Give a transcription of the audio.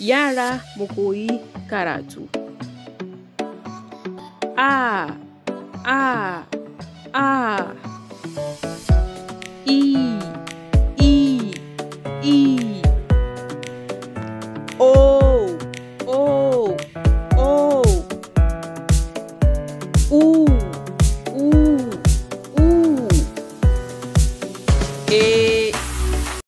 Yara mu koyi karatu. A A A I I I O O O U U U E